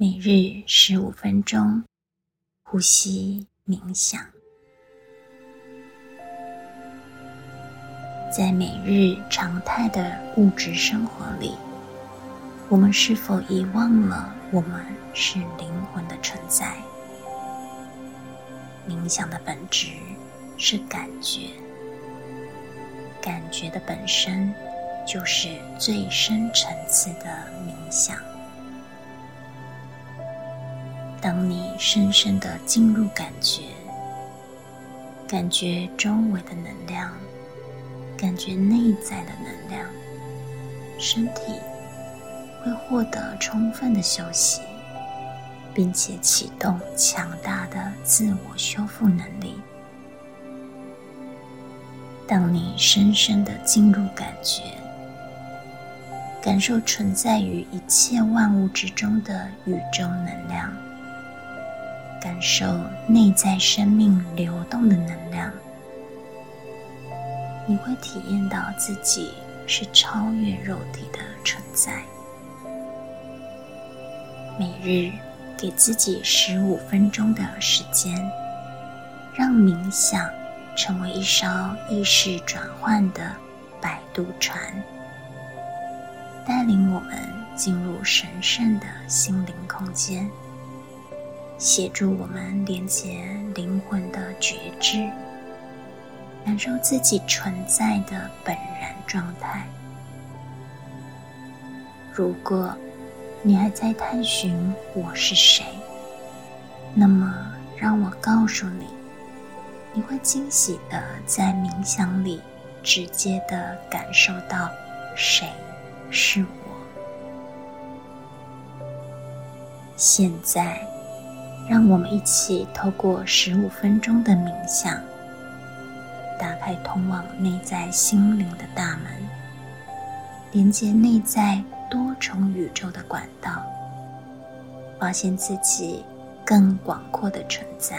每日十五分鐘，呼吸冥想。在每日常態的物質生活裡，我們是否遺忘了我們是靈魂的存在？冥想的本質是感覺，感覺的本身就是最深層次的冥想。當你深深的進入感覺，感覺周圍的能量，感覺內在的能量，身體會獲得充分的休息，並且啟動強大的自我修復能力。當你深深的進入感覺，感受存在於一切萬物之中的宇宙能量。感受內在生命流動的能量，你會體驗到自己是超越肉體的存在。每日給自己十五分鐘的時間，讓冥想成為一艘意識轉換的擺渡船，帶領我們進入神聖的心靈空間。協助我們連接靈魂的覺知，感受自己存在的本然狀態。如果你還在探尋我是誰，那麼讓我告訴你，你會驚喜地在冥想裡直接地感受到誰是我。現在。讓我們一起透過十五分鐘的冥想，打開通往內在心靈的大門，連結內在多重宇宙的管道，發現自己更廣闊的存在，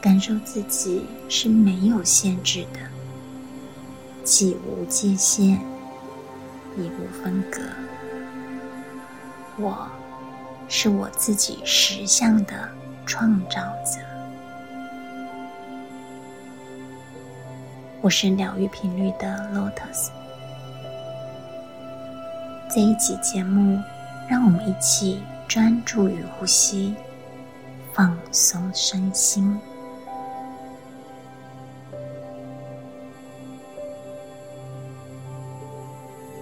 感受自己是沒有限制的，既無界線，亦無分隔。我。是我自己實相的創造者。我是療癒頻率的 Lotus。這一集節目，讓我們一起專注於呼吸，放鬆身心。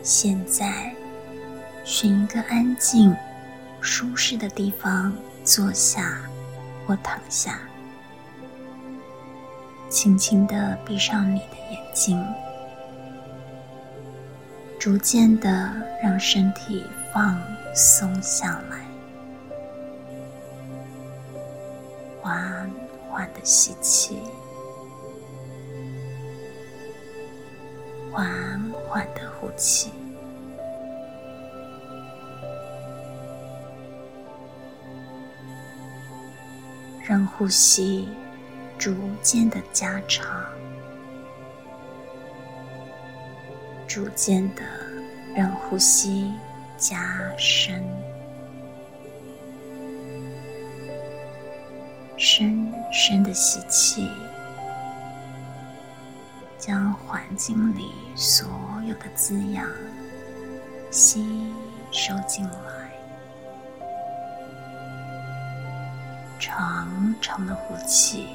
現在，尋一個安靜，舒適的地方坐下或躺下，輕輕的閉上你的眼睛，逐漸的讓身體放鬆下來，緩緩的吸氣，緩緩的呼氣。讓呼吸逐漸的加長，逐漸的讓呼吸加深，深深的吸氣，將環境裡所有的滋養吸收進來。長長的呼氣，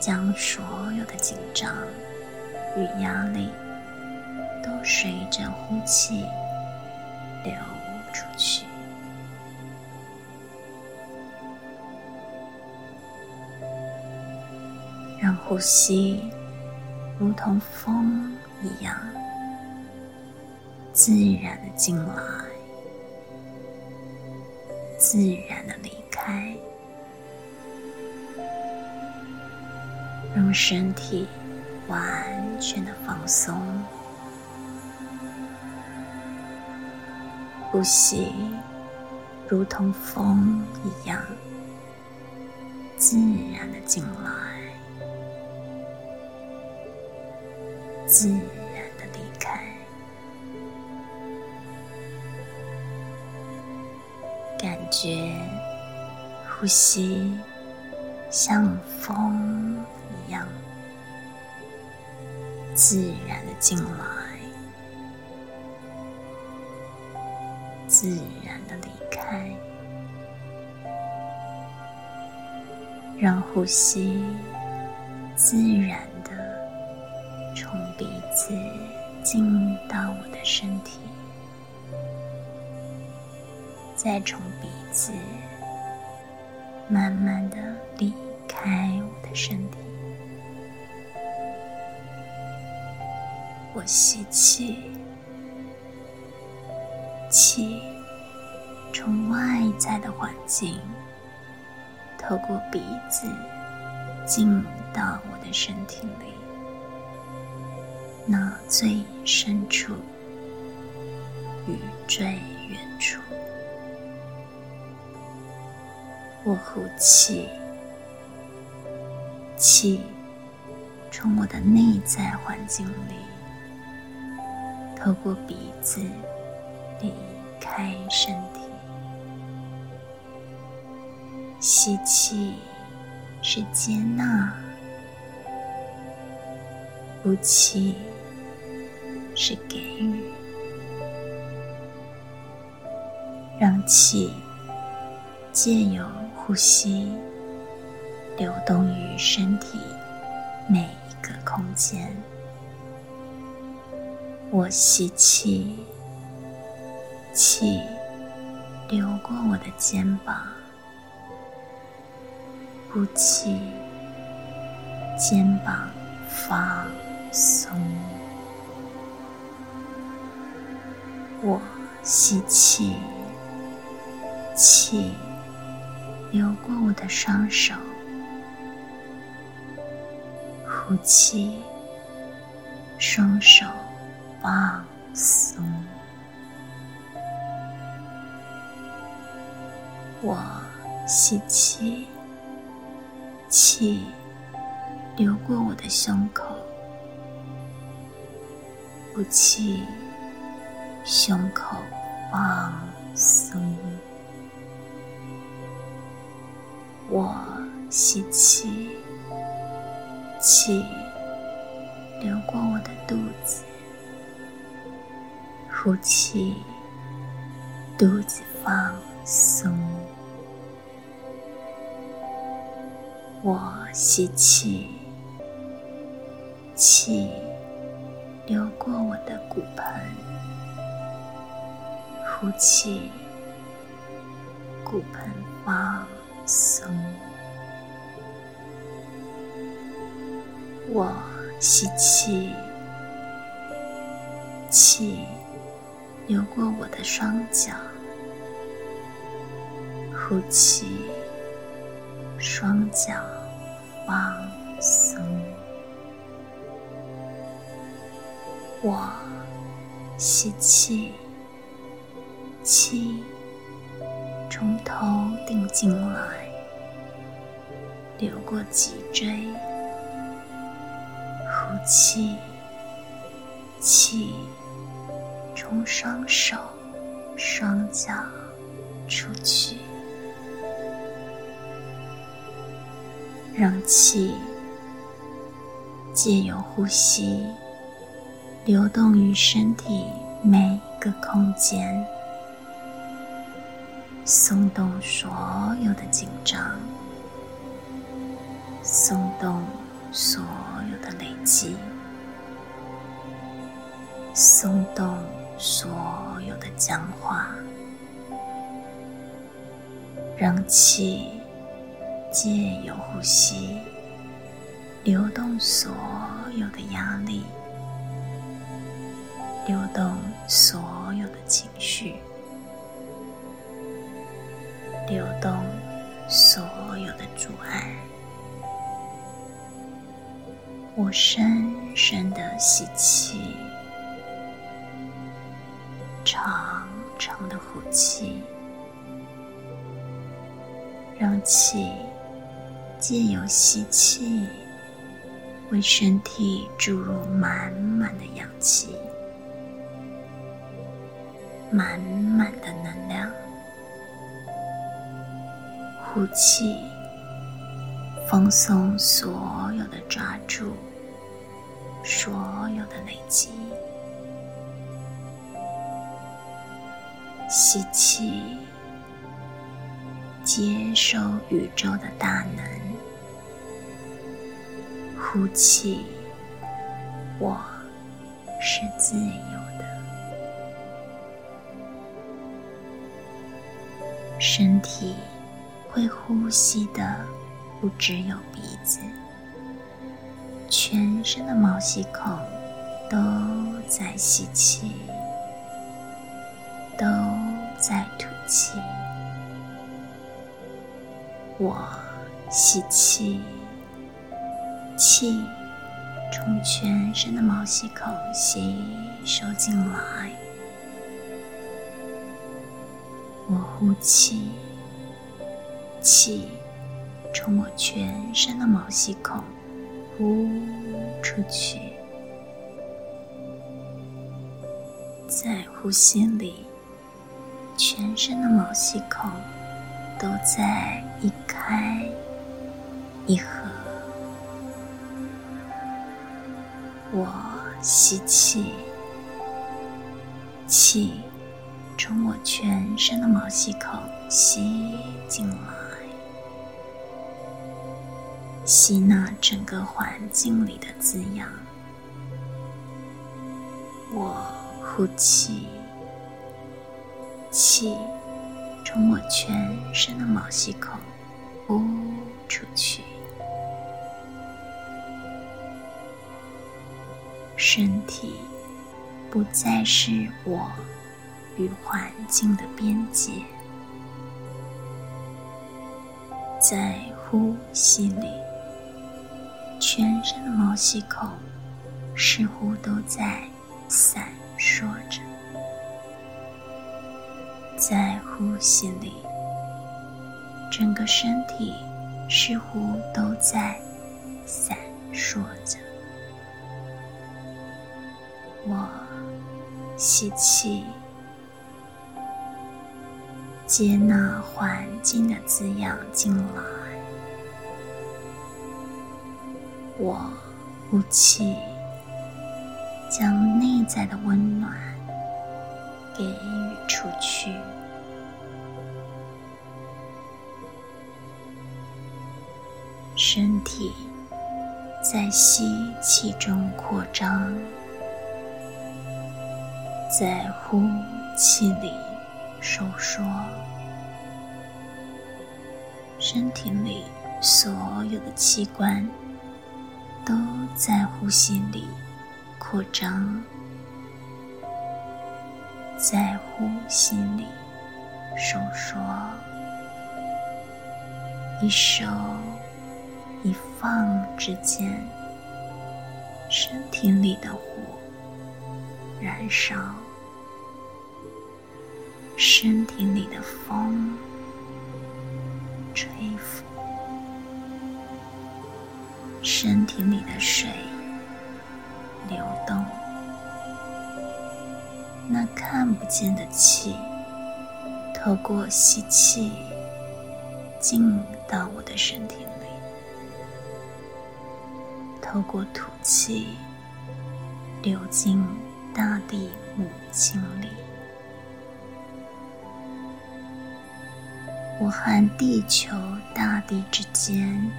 將所有的緊張與壓力都隨着呼氣流出去，讓呼吸如同風一樣自然的進來。自然的離開，讓身體完全的放鬆，呼吸如同風一樣，自然的進來。自。感覺呼吸像風一樣，自然的進來，自然的離開，讓呼吸自然的從鼻子進到我的身體。再從鼻子慢慢的離開我的身體，我吸氣，氣從外在的環境透過鼻子進到我的身體裡，那最深處與最遠處。我呼氣，氣從我的內在環境裡透過鼻子離開身體。吸氣是接納，呼氣是給予，讓氣。借由呼吸，流動於身體每一個空間。我吸氣，氣流過我的肩膀，呼氣，肩膀放鬆。我吸氣，氣。流過我的雙手，呼氣，雙手放鬆。我吸氣，氣流過我的胸口，呼氣，胸口放鬆。我吸氣，氣流過我的肚子，呼氣，肚子放鬆。我吸氣，氣流過我的骨盆，呼氣，骨盆放鬆。鬆，我吸氣，氣流過我的雙腳，呼氣，雙腳放鬆。我吸氣，氣。頂進來，流過脊椎，呼氣，氣從雙手、雙腳出去，讓氣借由呼吸流動於身體每一個空間。鬆動所有的緊張，鬆動所有的累積，鬆動所有的僵化，讓氣借由呼吸，流動所有的壓力，流動所有的情緒。流動所有的阻礙，我深深的吸氣，長長的呼氣，讓氣借由吸氣為身體注入滿滿的氧氣，滿滿的能量。呼氣，放鬆所有的抓住，所有的累積。吸氣，接受宇宙的大能。呼氣，我是自由的。身體。會呼吸的不只有鼻子，全身的毛細孔都在吸氣，都在吐氣。我吸氣，氣從全身的毛細孔吸收進來，我呼氣。氣，從我全身的毛細孔呼出去，在呼吸裡，全身的毛細孔都在一開一合。我吸氣，氣從我全身的毛細孔吸進來。吸納整個環境裡的滋養。我呼氣，氣從我全身的毛細孔呼出去，身體不再是我與環境的邊界，在呼吸裡。全身的毛細孔似乎都在閃爍着，在呼吸裡，整個身體似乎都在閃爍着。我吸氣，接納環境的滋養進來。我呼氣，將內在的溫暖給予出去。身體在吸氣中擴張，在呼氣裡收縮。身體裡所有的器官。都在呼吸裡擴張，在呼吸裡收縮，一收一放之間，身體裡的火燃燒，身體裡的。透過吸氣，進到我的身體裡；透過吐氣，流進大地母親裡。我和地球、大地之間，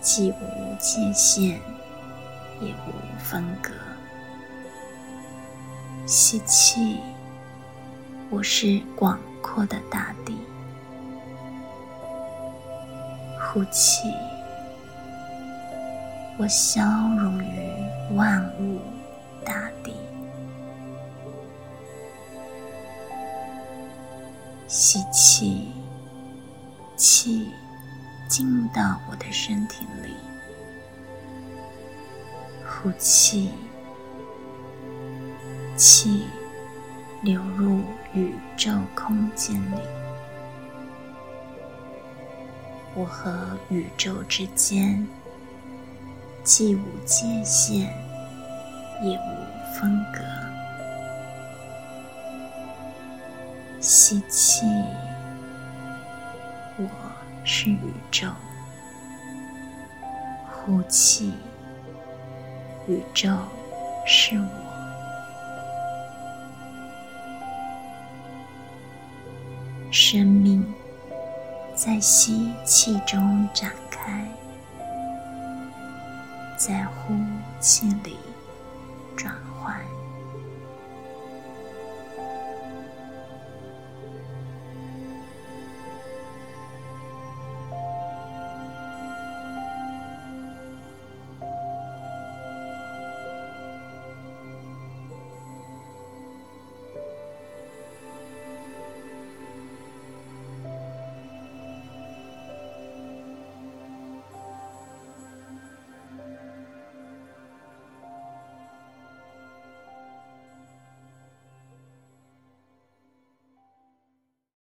既無界限，也無分隔。吸氣。我是廣闊的大地，呼氣，我消融於萬物大地，吸氣，氣進到我的身體裡，呼氣，氣，流入宇宙空間裡，我和宇宙之間既無界限，也無分隔。吸氣，我是宇宙；呼氣，宇宙是我。生命在吸氣中展開，在呼氣裡。